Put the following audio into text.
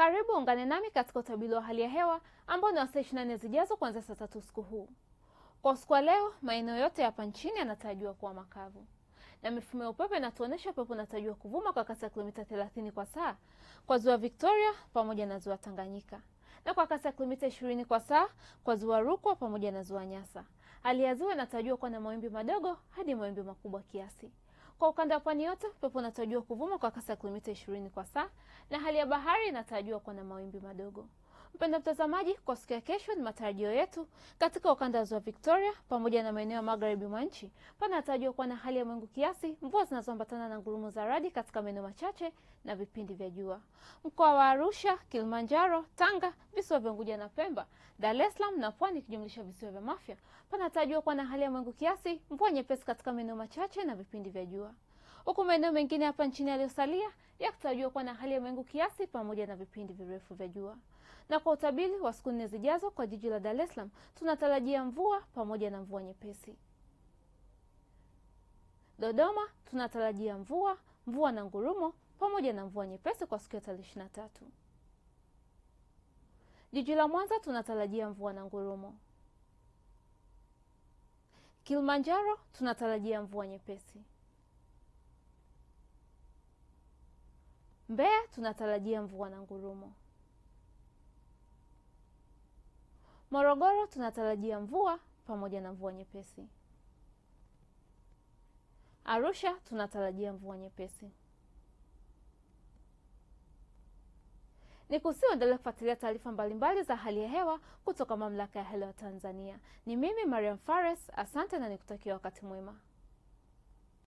Karibu ungane nami katika utabili wa hali ya hewa ambao ni wasaa saa 24 zijazo kuanzia saa tatu usiku huu. Kwa usiku wa leo, maeneo yote hapa nchini yanatarajiwa kuwa makavu na mifumo ya upepo inatuonyesha pepo inatarajiwa kuvuma kwa kasi ya kilomita 30 kwa saa kwa ziwa Victoria pamoja na ziwa Tanganyika na kwa kasi ya kilomita 20 kwa saa kwa ziwa Rukwa pamoja na ziwa Nyasa. Hali ya ziwa inatarajiwa kuwa na mawimbi madogo hadi mawimbi makubwa kiasi. Kwa ukanda wa pwani yote upepo unatarajiwa kuvuma kwa kasi ya kilomita 20 kwa saa na hali ya bahari inatarajiwa kuwa na mawimbi madogo. Mpenda mtazamaji, kwa siku ya kesho ni matarajio yetu katika ukanda wa ziwa Victoria pamoja na maeneo ya magharibi mwa nchi panatarajiwa kuwa na hali ya mawingu kiasi, mvua zinazoambatana na ngurumo za radi katika maeneo machache na vipindi vya jua. Mkoa wa Arusha, Kilimanjaro, Tanga, visiwa vya Unguja na Pemba, Dar es Salaam na Pwani ikijumlisha visiwa vya Mafia panatarajiwa kuwa na hali ya mawingu kiasi, mvua nyepesi katika maeneo machache na vipindi vya jua huku maeneo mengine hapa nchini yaliyosalia yakitarajiwa kuwa na hali ya mawingu kiasi pamoja na vipindi virefu vya jua. Na kwa utabiri wa siku nne zijazo kwa jiji la Dar es Salaam tunatarajia mvua pamoja na mvua nyepesi. Dodoma tunatarajia mvua, mvua na ngurumo pamoja na mvua nyepesi kwa siku ya tarehe ishirini na tatu. Jiji la Mwanza tunatarajia mvua na ngurumo. Kilimanjaro tunatarajia mvua nyepesi. Mbeya tunatarajia mvua na ngurumo. Morogoro tunatarajia mvua pamoja na mvua nyepesi. Arusha tunatarajia mvua nyepesi. Ni kusiuendelea kufuatilia taarifa mbalimbali za hali ya hewa kutoka Mamlaka ya Hewa Tanzania. Ni mimi Mariam Fares, asante na nikutakia wakati mwema.